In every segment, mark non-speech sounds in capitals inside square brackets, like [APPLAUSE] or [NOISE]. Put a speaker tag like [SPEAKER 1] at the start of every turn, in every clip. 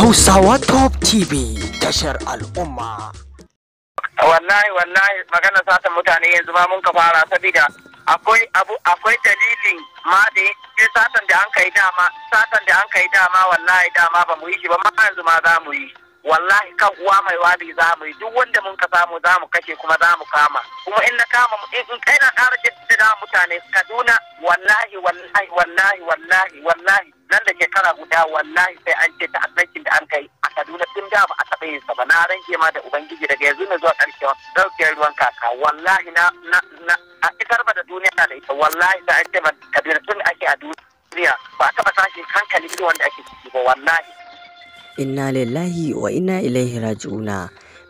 [SPEAKER 1] Hausawa Top TV tashar al'umma. Wallahi wallahi magana sata mutane yanzu ma mun ka fara sabida. akwai abu akwai dalilin ma da shi satan da an kai dama satan da an kai dama wallahi dama ba mu yi shi ba ma yanzu ma za mu yi. wallahi kan uwa mai wabi za mu yi duk wanda mun ka samu za mu kashe kuma za mu kama kuma in na kama in kai na ƙara da mutane kaduna wallahi wallahi wallahi wallahi wallahi nan da shekara guda wallahi sai an ce ta ta'addancin da an kai a Kaduna tun da ba a taɓa yin sa ba na rage ma da ubangiji daga yanzu na zuwa ƙarshe ɗaukiyar ruwan kaka wallahi na na a isar ba da duniya da ita wallahi sai an ce ba Kaduna tun ake a duniya ba a taɓa tashin hankali ido wanda ake ciki ba wallahi.
[SPEAKER 2] Inna lillahi wa inna ilaihi raji'una.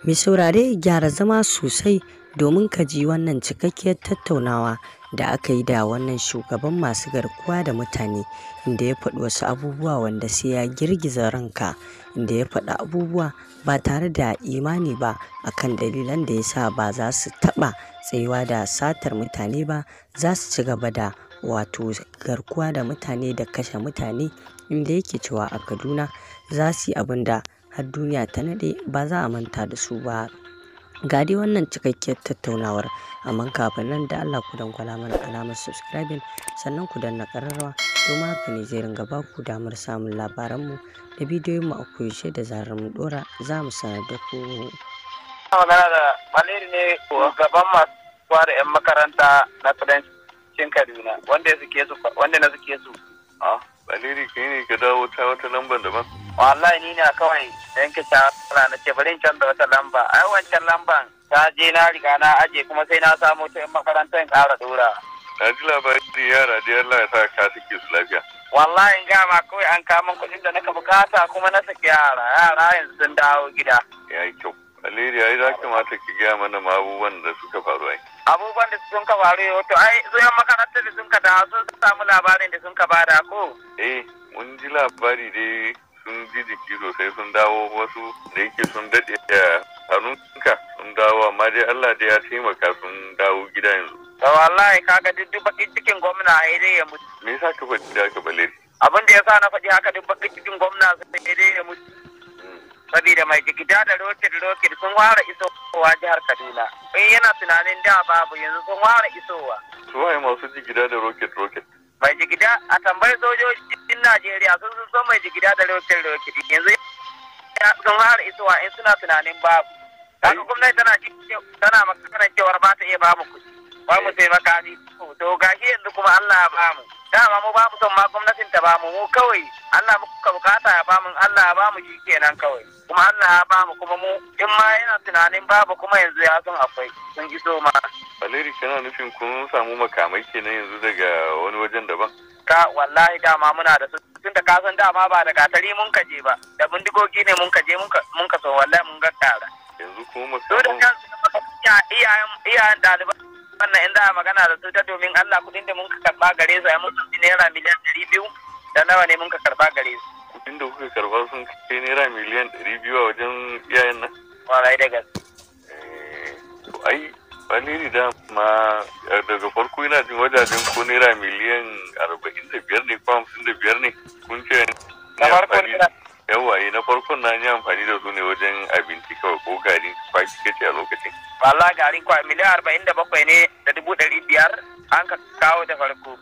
[SPEAKER 2] Mai saurare gyara zama sosai domin ka ji wannan cikakkiyar tattaunawa da aka yi da wannan shugaban masu garkuwa da mutane inda ya faɗi wasu abubuwa wanda sai ya girgiza ranka inda ya faɗi abubuwa ba tare da imani ba a kan dalilan da ya sa ba za su taɓa tsayuwa da satar mutane ba za su ci gaba da wato garkuwa da mutane da kashe mutane inda yake cewa a kaduna za su yi abin da har duniya ta naɗe ba za a manta da su ba ga dai wannan cikakkiyar tattaunawar amma kafin nan da Allah ku dangwala mana alamar subscribing sannan ku danna ƙararrawa domin haka ne zai ringa ku damar samun labaranmu da bidiyoyinmu a koyaushe da zarar mu dora za mu sanar da ku. magana
[SPEAKER 1] da Maleri ne gaban masu kwara 'yan makaranta na kudancin Kaduna
[SPEAKER 3] wanda na suke su. Ah. aliri ka yi ne ka dawo ta wata lambar daban. wallahi
[SPEAKER 1] ni na kawai dan ka shawara na ce bari in canza wata lamba ai wancan lamban ta je na riga na aje kuma sai na samu ta makarantar ƙara dora. na ji labari yara da
[SPEAKER 3] yalla ya sa ka suke su lafiya.
[SPEAKER 1] wallahi in gama kawai an kama kuɗin da naka bukata kuma na saki yara yara yanzu sun dawo gida. ya yi
[SPEAKER 3] kyau aliri ya yi za ka mata ki gaya mana ma abubuwan da suka faru ai.
[SPEAKER 1] abubuwan da sun ka faru to ai zuwan makarantar da sun ka da sun samu labarin da sun ka bada ko
[SPEAKER 3] eh mun ji labari dai sun ji jiki sosai sun dawo wasu da yake sun daɗe a hannunka sun dawo amma dai Allah da ya taimaka sun dawo gida yanzu.
[SPEAKER 1] To wallahi kaga duk duk bakin cikin gwamna a dai ya mutu. Me yasa ka faɗi haka balle Abin da yasa na faɗi haka duk bakin cikin gwamna sai dai ya mutu. saboda mai jigida da rocket rocket sun fara isowa jihar kaduna in yana tunanin da babu yanzu sun fara isowa
[SPEAKER 3] suwaye masu jigida da rocket rocket
[SPEAKER 1] mai jigida a tambayar sojojin najeriya sun sun mai jigida da rocket rocket yanzu sun fara isowa in suna tunanin babu kaga gwamnati tana tana cewar ba ta iya babu kuɗi ba mu taimaka ni to gashi yanzu kuma Allah ba mu dama mu ba mu son ma gwamnatin ta ba mu mu kawai Allah muka bukata ya ba mu Allah ya ba mu shi kenan kawai kuma Allah ya ba mu kuma mu in ma yana tunanin babu kuma yanzu ya san akwai
[SPEAKER 3] sun ji so ma Valeri kana nufin kun samu makamai kenan yanzu daga wani wajen
[SPEAKER 1] daban ka wallahi dama muna da su tun da kasan dama ba da gatari mun kaje ba da bindigogi ne mun kaje mun ka so wallahi mun ga tsara yanzu kuma mu iyayen iyayen ɗaliban wannan in za a magana da su ta domin Allah kudin da mun ka karba gare su a mun su naira miliyan ɗari biyu da nawa ne mun ka karba gare su.
[SPEAKER 3] Kudin da kuka karba sun kai naira miliyan ɗari biyu a wajen iyayen nan. Walai da gaske. Eh, to ai Aliri da ma eh, daga farko yana jin wajajen ko naira miliyan arba'in da biyar ne ko hamsin da biyar ne kun ce na farko yawa eh, na farkon na yi amfani da su ne wajen abinci kawai ko gari kwaki kace a lokacin. walla
[SPEAKER 1] garin kwa miliyan arba'in da bakwai ne da dubu ɗari biyar an ka kawo da farko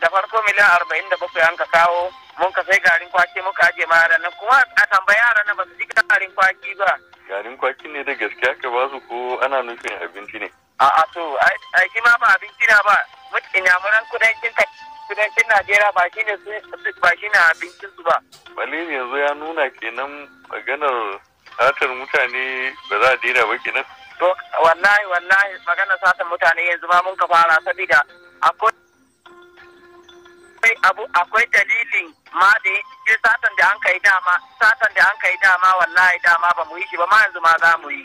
[SPEAKER 1] da farko miliyan arba'in da bakwai an ka kawo mun ka sai garin kwaki muka aje ma yaran nan kuma a tambaya yaran nan ba su ji garin kwaki ba
[SPEAKER 3] garin kwaki ne da gaske aka ba su ko ana nufin abinci ne a'a
[SPEAKER 1] to ai shi ma ba abinci na ba inyamuran kudancin kudancin Najeriya ba shi ne ba shi ne abincin su ba balin
[SPEAKER 3] yanzu ya nuna kenan maganar satar mutane ba za a daina ba kenan to
[SPEAKER 1] wallahi wallahi magana satan mutane yanzu ma mun ka fara saboda akwai abu akwai dalilin ma da ya satan da an kai dama satan da an kai dama wallahi dama ba mu yi shi ba ma yanzu ma za mu yi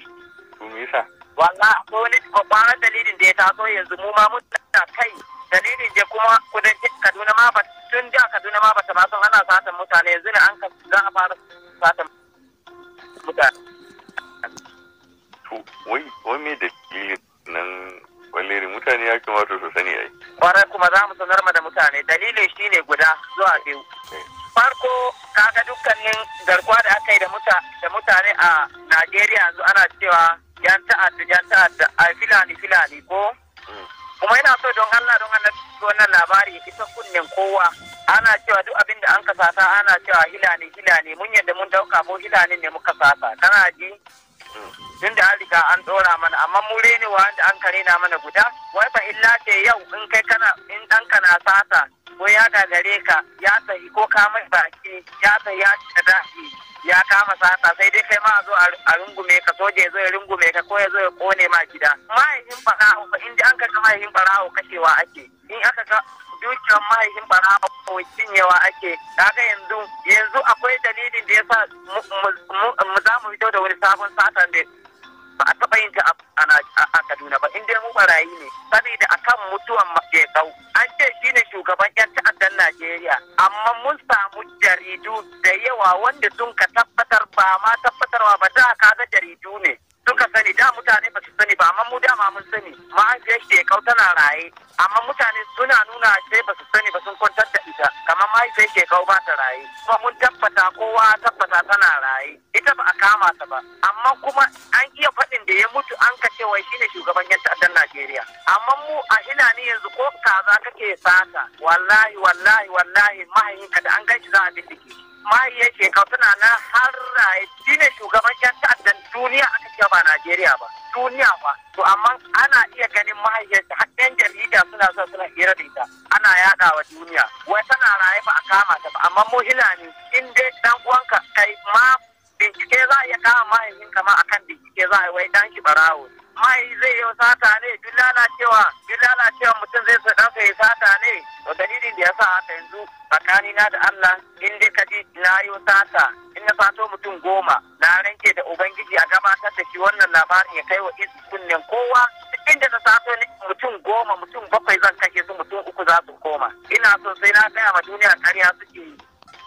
[SPEAKER 1] Wala wallahi akwai wani kwakwaran dalilin da ya taso yanzu mu ma mun kai dalilin da kuma kudancin kaduna ma ba tun da kaduna ma ba ta ma sun ana satan mutane yanzu ne an ka za a fara satan mutane
[SPEAKER 3] ko wai me da nan waleri mutane ya kamata su sani ai.
[SPEAKER 1] Kwarai kuma za mu sanar ma da mutane dalilin shi ne guda zuwa biyu. Eh. Farko kaga dukkanin garkuwa da aka yi da mutane a Najeriya yanzu ana cewa yan ta'adda yan ta'adda a filani filani ko. Hmm. Kuma yana so don Allah don Allah wannan labari isa kunnen kowa. Ana cewa duk abin da an kasata ana cewa hilani hilani mun yadda mun dauka mu hilani ne muka sasa kana ji. tun da an riga an ɗora mana amma mu wa wanda an kare na mana guda wai fa illa ce yau in kai kana in ɗanka na sata ko ya gagare ka ya sayi ko ka mai baki ya sayi ya shiga daɗi ya kama sata sai dai kai ma a zo a rungume ka soja ya zo ya rungume ka ko ya zo ya kone ma gida mahaifin in inda an ka ga mahaifin farawo kashewa ake in aka ga dukiyar mahaifin barawa ko cinyewa ake kaga yanzu yanzu akwai dalilin da yasa mu za mu fito da wani sabon satan da ba a taba yin ta a Kaduna ba inda mu barayi ne saboda akan mutuwan Jekau an ce shine shugaban yan ta'addan Najeriya amma mun samu jaridu da yawa wanda sun ka tabbatar ba ma tabbatarwa ba da kaga jaridu ne suka sani da mutane ba su sani ba amma mu dama mun sani mahaifiyar shekau tana raye amma mutane suna nuna sai ba su sani ba sun kwantar da ita kamar mahaifiyar shekau ba ta raye kuma mun tabbata kowa tabbata tana raye ita ba a kama ta ba amma kuma an iya faɗin da ya mutu an ka wai shine shugaban yan ta'addan Najeriya amma mu a ina ni yanzu ko kaza kake sata wallahi wallahi wallahi mahaifinka da an gaishe za a bindike mahiyar shekau suna na har raye shi ne shugaban yan ta'addan duniya aka ce ba Najeriya ba duniya ba to amma ana iya ganin mahaifiyar ta har ɗan jarida suna son suna hira da ita ana yaɗa wa duniya wai tana raye ba a kama ta ba amma mu ne, in dai dan uwanka kai ma bincike za a iya kama mahaifinka ma akan bincike za a yi wai dan shi barawo mai zai yi sata ne duk lalacewa duk cewa mutum zai so ɗansa ya sata ne to dalilin da ya sa haka yanzu tsakani na da Allah in dai ji na yi sata in na sato mutum goma na ranke da ubangiji a gabatar da shi wannan labarin ya kai wa kunnen kowa inda ta sato mutum goma mutum bakwai zan kashe su mutum uku za su koma ina so sai na gaya ma duniya karya suke yi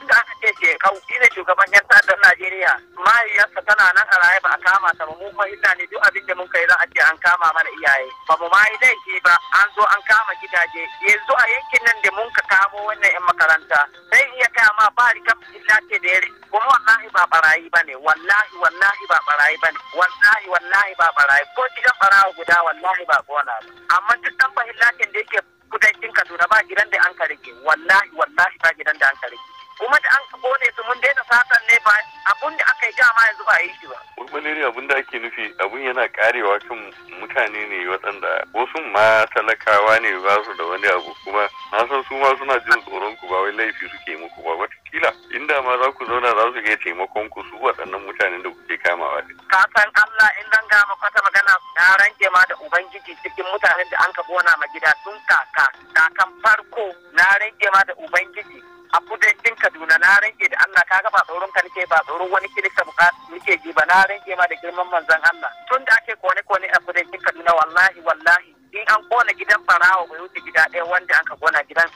[SPEAKER 1] da aka ce shekau shi ne shugaban yan tsadar Najeriya mahaifiyarsa tana nan a raye ba a kama ta ba mu hidda ne duk abin da mun kai za a ce an kama mana iyaye ba mu ma yi laifi ba an zo an kama gidaje yanzu a yankin nan da mun ka kamo wannan yan makaranta sai iya kaya ma ba rikam illa ke da ya kuma wallahi ba barayi ba ne wallahi wallahi ba barayi ba ne wallahi wallahi ba barayi ko gidan barawa guda wallahi ba gona amma duk dan fahimlacin da yake kudancin Kaduna ba gidan da an ka rike wallahi wallahi ba gidan da an ka rike kuma da an kone su mun daina satan ne ba abun da aka yi dama yanzu ba yi shi ba.
[SPEAKER 3] Mulmuliri abun da ake nufi abun yana karewa kan mutane ne waɗanda wasu ma talakawa ne ba su da wani abu kuma na san su ma suna jin tsoron ku ba wai laifi suke muku ba kila inda ma za ku zauna za su iya taimakon ku su waɗannan mutanen da kuke kamawa ne. ka san
[SPEAKER 1] Allah in zan gama kwata magana na ranke ma da ubangiji cikin mutanen da an ka bona ma gida tun kaka kakan farko na ranke ma da ubangiji a kudancin Kaduna na ranke da Allah ka ga ba tsoron ka nake ba tsoron wani kirista buka nake ji ba na ranke ma da girman manzan Allah tun da ake kone-kone a kudancin Kaduna wallahi wallahi in an kona gidan farawa bai wuce gida ɗaya wanda aka kona gidan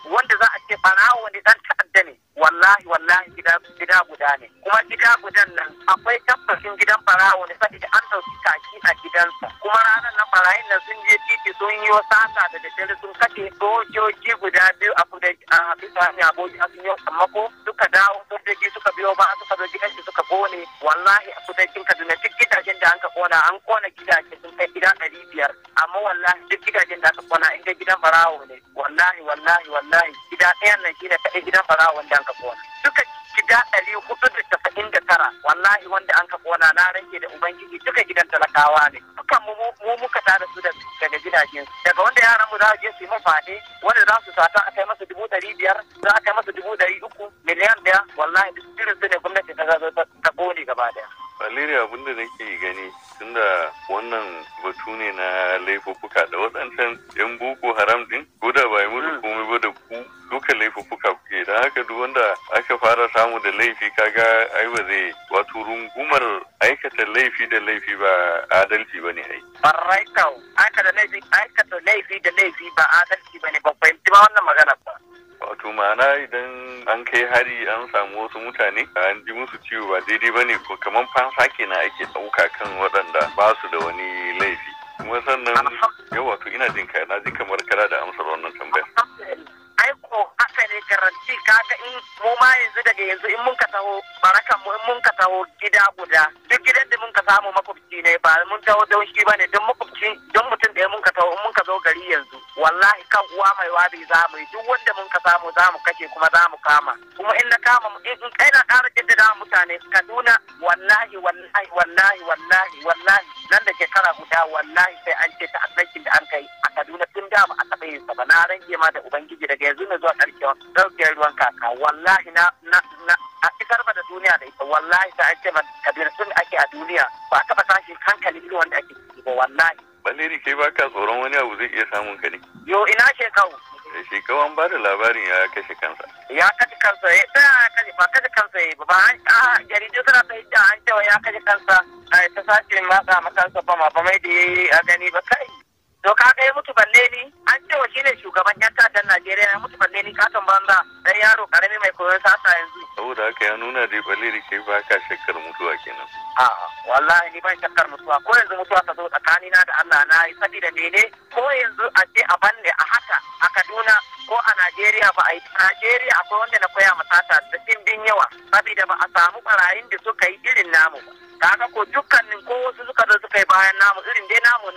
[SPEAKER 1] shiga gudan nan akwai tabbacin gidan farawo da saboda an dauki kaki a gidansa kuma ranar na farayin nan sun je titi sun yi sata da daddare sun kashe sojoji guda biyu a kudu a bisa ne aboki a sun yi sammako suka dawo sojoji suka biyo ba suka zo gidan suka kone wallahi a kudancin kaduna duk gidajen da an ka kona an kona gidaje sun kai gida ɗari biyar amma wallahi duk gidajen da aka kona inda gidan farawo ne wallahi wallahi wallahi gida ɗayan nan shi ne kaɗai gidan farawo wanda an ka kona duka gida ɗari hudu da wanda an ka kona na rage da ubangiji duka gidan talakawa ne dukan mu muka tare su daga gidajen daga wanda yaran mu za su je su yi mafade wanda za su sata a kai masa dubu ɗari biyar za a kai masa dubu ɗari uku miliyan ɗaya wallahi duk irin su ne gwamnati ta zazo ta kone gaba daya.
[SPEAKER 3] Valeri abin da nake gani tunda wannan batu ne na laifuffuka da waɗancan 'yan boko haram din ko da bai mutu hmm. komai ba da ku duka don haka duk wanda aka fara samu da laifi kaga ai ba zai wato rungumar aikata laifi da laifi ba adalci ba ne ai.
[SPEAKER 1] Barrai kau, aikata laifi aikata laifi da laifi ba adalci ba ne ba fahimci ba wannan magana ba.
[SPEAKER 3] Wato ma'ana idan an kai hari an samu wasu mutane an ji musu ciwo ba daidai ba ne ko kamar fansa kenan ake ɗauka kan waɗanda ba su da wani laifi. Kuma sannan yau wato ina jin ka
[SPEAKER 1] amma yanzu daga yanzu in mun ka taho barakan mu in mun ka taho gida guda duk gidan da mun ka samu makwabci ne ba mun taho don shi bane don makwabci don mutum ɗaya mun ka taho in mun ka zo gari yanzu wallahi kan uwa mai wabi za mu yi duk wanda mun ka samu za mu kashe kuma za mu kama kuma in na kama in kai na ƙara jaddada mutane Kaduna wallahi wallahi wallahi wallahi nan da shekara guda wallahi sai an ce ta da an kai da ba a yin sa ba na rage ma da ubangiji daga yanzu na zuwa ƙarshen ɗaukiyar ruwan kaka wallahi na na na a isar ba da duniya da ita wallahi ta ake mata kabir sun ake a duniya ba a taɓa tashin hankali irin wanda ake ciki ba wallahi.
[SPEAKER 3] Baleri kai ba ka tsoron wani abu zai iya samun ka ne.
[SPEAKER 1] Yo ina shekau.
[SPEAKER 3] Eh, shekau an ba da labarin ya kashe kansa.
[SPEAKER 1] Ya kashe kansa eh, ya ta kashe ba kashe kansa ya ba a jaridu suna ta yi an cewa ya kashe kansa ta sace matsa makansa ba ma ba mai da ya a gani ba kai. Doka ka kai mutu balle ni an ce wa shine shugaban yan ta'addan Najeriya ya mutu balle ni katon banza dan yaro karami mai koyon sasa yanzu
[SPEAKER 3] saboda haka ya nuna dai balle da kai ba ka shakkar
[SPEAKER 1] mutuwa kenan a'a wallahi ni ban shakkar mutuwa ko yanzu mutuwa ta zo tsakanina da Allah na yi sabida mene ko yanzu a ce a banne a haka a Kaduna ko a Najeriya ba a yi Najeriya akwai wanda na koya ta da din yawa sabida ba a samu barayin da suka yi irin namu ba kaga ko dukkanin ko wasu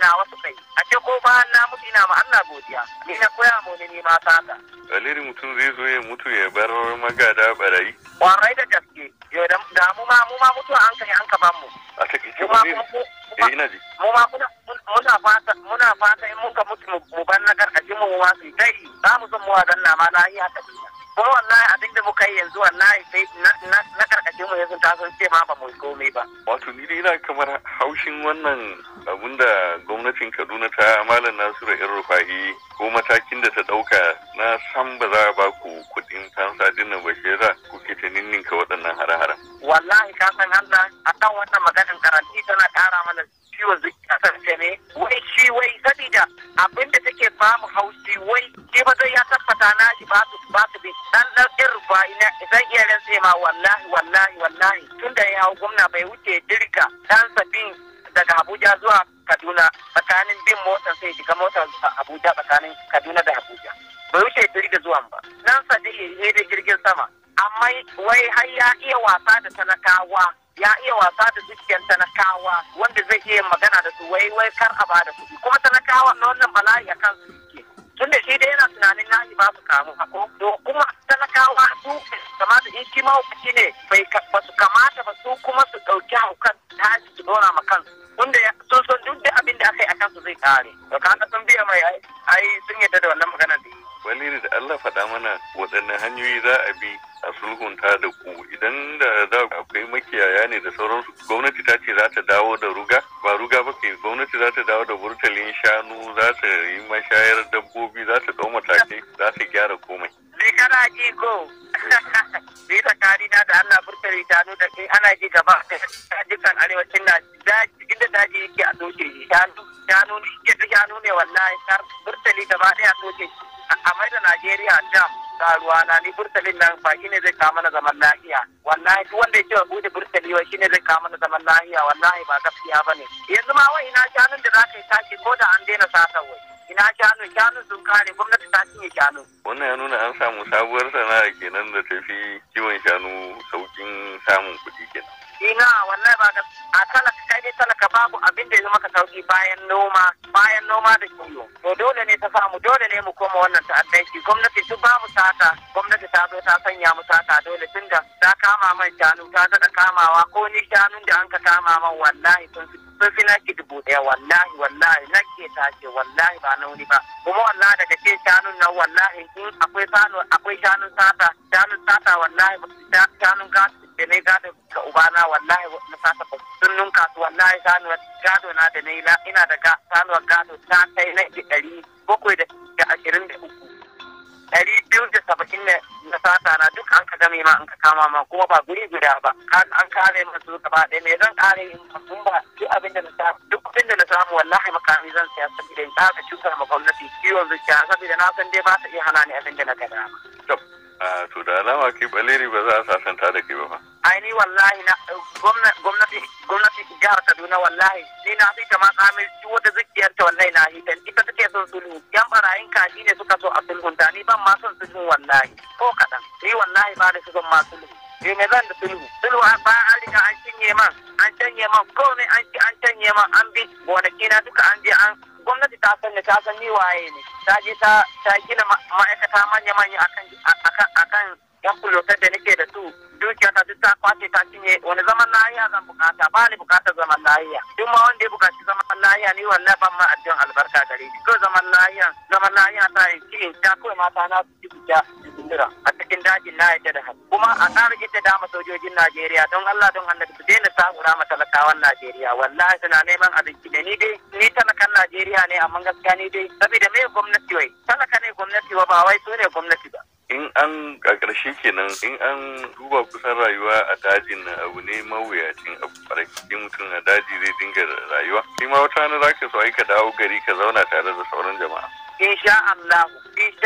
[SPEAKER 1] na wasu kai a ce ko ba na mutu ina ma Allah godiya ni na koya mu ne ma saka
[SPEAKER 3] aliri mutum zai zo ya mutu ya bar magada barayi
[SPEAKER 1] kwarai da gaske yo da mu ma mu ma mutu an kai an ka ban mu a take ce ne ina ji mu ma muna fata muna fata in muka mutu mu ban na garkashi mu ma su kai za mu san mu na ma lahiya ta kuma wallahi abin da muka yi yanzu wallahi sai na karkashin mu yanzu ta sun ce ma ba mu komai ba wato ni dai ina kamar haushin wannan abun da gwamnatin
[SPEAKER 3] kaduna ta malam nasiru yan rufahi ko matakin da ta ɗauka na san ba za a ba ku kudin kansa dinnan ba shi yasa kuke ta ninninka waɗannan hare hara
[SPEAKER 1] wallahi ka san Allah kan wannan maganin karanti tana kara mana ciwon zuciya ne wai shi wai sabida abin da take ba mu haushi wai shi ba zai ya tabbata na shi ba su ba su bi dan dan irba na zan iya rantse ma wallahi wallahi wallahi tunda ya hau gwamna bai wuce dirka dan sabin daga Abuja zuwa Kaduna tsakanin bin motar sai shiga motar Abuja tsakanin Kaduna da Abuja. Bai wuce jirgin zuwan ba. Nan sadi ne da jirgin sama. Amma wai har ya iya wasa da talakawa ya iya wasa da zuciyar talakawa wanda zai iya magana da su wai wai kar a bada da kuɗi kuma talakawa na wannan bala'i a kan su ke tun da shi da yana tunanin na ba su kamu hako to kuma talakawa su kamar da shi mahaukaci ne bai ba su kamata ba su kuma su ɗauki haukan ta su dora ma kansu kare to ka sun biya mai ai sun yadda da wannan da
[SPEAKER 3] wani da Allah faɗa mana waɗanne hanyoyi za a bi a sulhunta da ku idan da za akwai makiyaya ne da sauransu gwamnati ta ce za ta dawo da ruga ba ruga ba ke gwamnati za ta dawo da burtalin shanu za ta yi mashayar dabbobi za ta ɗau matakai za ta gyara komai.
[SPEAKER 1] Ni kana ji ko bi [LAUGHS] tsakani na da Allah burtali shanu da kai ana ji gaba a [LAUGHS] dukkan arewacin na daji daji yake a toshe shi shanu ne shanu ne wallahi burtali gaba ɗaya a toshe shi a mai da najeriya jam karuwa na ni burtalin nan fa shine zai kama na zaman lafiya wallahi duk wanda yake bude burtali wa shine zai kama na zaman lafiya wallahi ba gaskiya bane yanzu ma wai ina shanun da zaka yi tashi ko da an daina sasa wai ina shanu shanu sun kare gwamnati ta cinye shanu
[SPEAKER 3] wannan ya nuna an samu sabuwar sana'a kenan da tafi kiwon shanu
[SPEAKER 1] ina wannan ba a talaka kai dai talaka babu abin da ya maka sauki bayan noma bayan noma da kiwo to dole ne ta samu dole ne mu koma wannan ta'addanci gwamnati su ba mu sata gwamnati ta zo ta sanya mu sata dole da ta kama man shanu ta daɗa kamawa ko ni shanun da an ka kama man wallahi sun fi sun fi naki dubu ɗaya wallahi wallahi nake tace wallahi ba nauni ba kuma wallahi daga ce shanun nan wallahi in akwai shanun akwai shanun sata shanun sata wallahi shanun gasu da na gado ga ubana wallahi na fata ba sun nunka su wallahi sanuwar gado na da na yi ina da sanuwar gado ta kai na ɗari bakwai da ashirin da uku ɗari biyu da saba'in na na sata na duk an ka game ma an ka kama ma kuma ba guri guda ba an kare ma su gaba ɗaya me zan kare in sun ba duk abin da na samu duk abin da na samu wallahi makami zan saya saboda in ɗaga cutar ma gwamnati ciwon zuciya saboda na san dai ba ta iya hana ni abin da na gada. dama.
[SPEAKER 3] a to da alama kai baleri ba za a sasanta da ke ba fa
[SPEAKER 1] aini wallahi na gwamnati gwamnati jihar Kaduna wallahi ni na fi ta ma mai ciwo da zikiyar ta wallahi na hita. ita take son sulhu yan barayin kaji ne suka so a sulhunta ni ban ma son sulhu wallahi ko kadan ni wallahi ba da son ma sulhu Ni me zan da sulhu sulhu ba an riga an cinye man an cinye man ko ne an ci an man an bi gonaki na duka an je an gwamnati ta sanya ta san ni waye ne ta je ta gina ma'aikata manya-manya akan yan kulotar da nake da su dukiya ta duk ta kwace ta cinye wani zaman lahiya zan bukata ba ni bukatar zaman lahiya duk ma wanda ya bukaci zaman lahiya ni wallahi ban ma addu'an albarka gare shi ko zaman lahiya zaman lahiya ta yi cikin ta ko mata na su ci ta a cikin dajin na yadda da haka kuma a ƙara ita dama sojojin Najeriya don Allah don Allah su sa sa'ura ma talakawan Najeriya wallahi suna neman abinci da ni dai ni talakan Najeriya ne amma gaskiya ni dai saboda me gwamnati wai talaka ne gwamnati ba ba wai su gwamnati ba in
[SPEAKER 3] an a ƙarshe kenan in an duba kusan rayuwa a dajin na abu ne mawuyacin abu farkin mutum a daji zai dinga rayuwa shi ma wata ne za ka so ka dawo gari ka zauna tare da sauran jama'a
[SPEAKER 1] insha Allah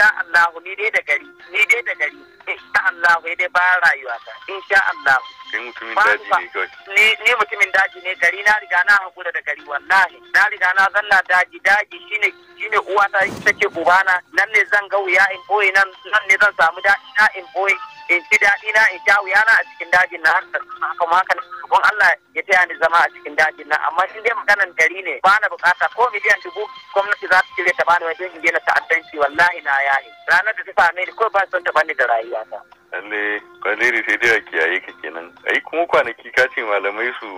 [SPEAKER 1] insha Allah ni dai da gari ni dai da gari insha Allah dai ba rayuwa ta insha Allah
[SPEAKER 3] ni mutumin daji
[SPEAKER 1] ne ni mutumin daji ne gari na riga na hakura da gari wallahi na riga na zanna daji daji shine shine uwa ta take ubana nan ne zan ga wuya in boye nan nan ne zan samu da na in boye in ci daɗi na in sha wuya a cikin dajin na haka ma haka kun Allah ya taya ni zama a cikin dajin na amma in dai maganan gari ne ba na bukata ko miliyan dubu gwamnati za ta cire ta bani wajen in ta'addanci wallahi na yayi ranar da ta same ni ko ba son ta bani da rayuwa ta.
[SPEAKER 3] Lalle Valeri sai dai a kiyaye ka kenan. Ai kuma kwanaki ka ce malamai su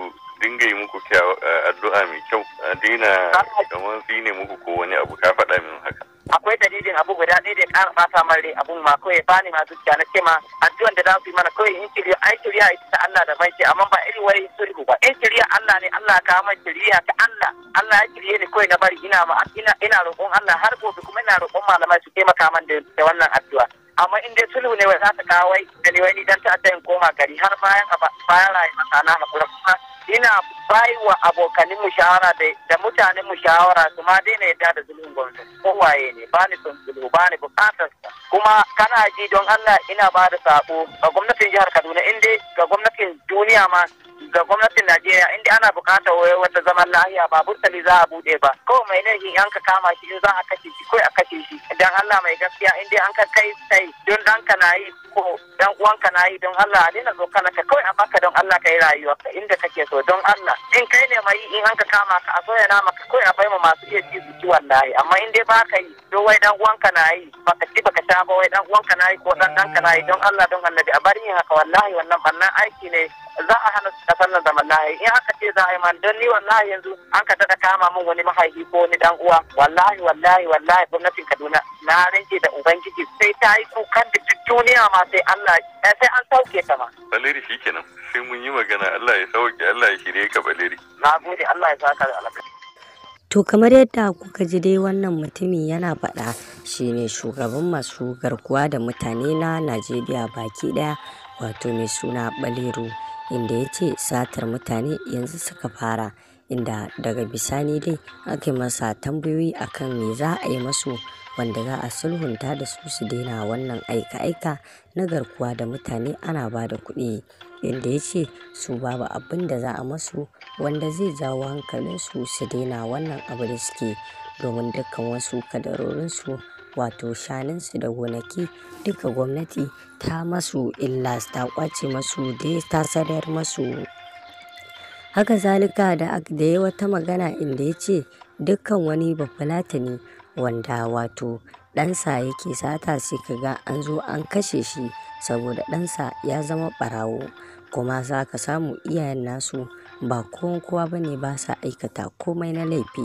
[SPEAKER 3] dinga yi muku eh, addu'a mai kyau a daina kamar su ne muku ko wani abu ka faɗa min haka.
[SPEAKER 1] akwai dalilin abu guda ɗaya da ƙara fata man rai abun ma kawai bani ma zuciya na ce ma addu'an da za su yi mana kawai in kiriya ai kiriya ita ta Allah da banki amma ba iri wai sulhu ba in kiriya Allah ne Allah ka man kiriya ta Allah Allah ya kiriye ni kawai na bari ina ma ina ina roƙon Allah har gobe kuma ina roƙon malamai su taimaka man da wannan addu'a amma in dai sulhu ne wai za ta kawai wai da ni wai ni dan ta ta koma gari har bayan bayan rayuwa na kuma ina bai wa abokanin mu shawara da mutanen mu shawara su ma daina yadda da zulun gwamnati waye ne ba ni son zulu ba ni bukatar kuma kana ji don Allah ina ba da sako ga gwamnatin jihar Kaduna inda ga gwamnatin duniya ma ga gwamnatin Najeriya inda ana bukatar waye wata zaman lahiya ba burtali za a bude ba ko mai laifi an ka kama shi in za a kashe shi ko a kashe shi dan Allah mai gaskiya inda an ka kai sai don danka na yi ko dan uwanka na yi don Allah a daina zokana ka kawai a baka don Allah ka yi rayuwa ka inda kake so don Allah in kai ne mai in an ka kama ka a soya nama ka kawai a bai mu masu iya ci su wallahi amma in dai baka yi do wai dan uwanka na yi baka ci baka sha ba wai dan uwanka na yi ko dan danka na yi don Allah don Allah a bari yin haka wallahi wannan banna aiki ne za a hana su kasar nan zaman lahi in aka ce za a yi man don ni wallahi yanzu an ka tada kama min wani mahaifi ko wani dan uwa wallahi wallahi wallahi gwamnatin Kaduna na rinke da ubangiji sai ta yi kukan da duk duniya ma sai Allah Allah sai an sauke ta ma.
[SPEAKER 3] Baleri shi kenan sai mun yi magana Allah ya sauke Allah ya shirye ka baleri.
[SPEAKER 1] Na gode Allah ya saka da alaka.
[SPEAKER 2] To kamar yadda kuka ji dai wannan mutumi yana faɗa shi ne shugaban masu garkuwa da mutane na Najeriya baki ɗaya wato mai suna Baleru inda ya ce satar mutane yanzu suka fara. inda daga bisani dai aka masa tambayoyi akan me za a yi masu wanda za a sulhunta da su su daina wannan aika-aika na garkuwa da mutane ana ba da kuɗi inda ya ce su babu abin da za a masu wanda zai jawo hankalinsu su daina wannan abu da suke domin dukkan wasu kadarorinsu wato shanunsu da gonaki duka gwamnati ta masu illa ta kwace masu da ta sadar masu Haka zalika da da ya wata magana inda ya ce dukkan wani Bafulatani wanda wato ɗansa yake sata sai ka ga an zo an kashe shi saboda ɗansa ya zama ɓarawo kuma za ka samu iyayen nasu ba kowan kowa ba ne ba sa aikata komai na laifi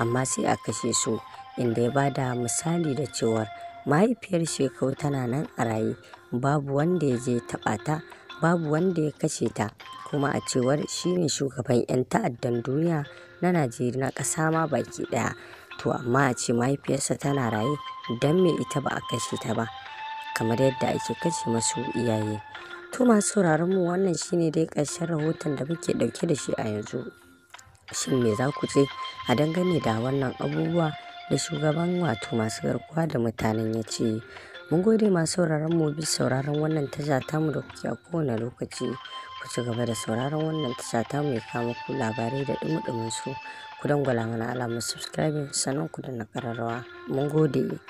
[SPEAKER 2] amma sai a kashe su inda ya bada misali da cewar mahaifiyar shekau tana nan a raye babu wanda ya je taɓa babu wanda ya kashe ta kuma a cewar shi ne shugaban 'yan ta'addan duniya na Najeriya na ƙasa ma baki ɗaya. To amma a ce mahaifiyarsa tana raye don me ita ba a kashe ta ba kamar yadda ake kashe masu iyaye. To masu wuraren mu wannan shine dai karshen rahoton da muke ɗauke da shi a yanzu. Shin me za ku ce a dangane da wannan abubuwa da shugaban wato masu garkuwa da mutanen ya ce Mun gode masu sauraron mu sauraren sauraron wannan tasha mu da kuke a kowane lokaci. Ku ci gaba da sauraron wannan tasha tamu mai kama ku, labarai da dumudumin su. Ku dangwala mana alamar subscribing sannan ku da na kararrawa. Mun gode.